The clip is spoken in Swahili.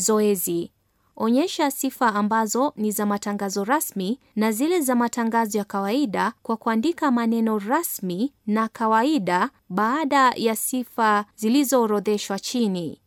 Zoezi: onyesha sifa ambazo ni za matangazo rasmi na zile za matangazo ya kawaida kwa kuandika maneno rasmi na kawaida baada ya sifa zilizoorodheshwa chini.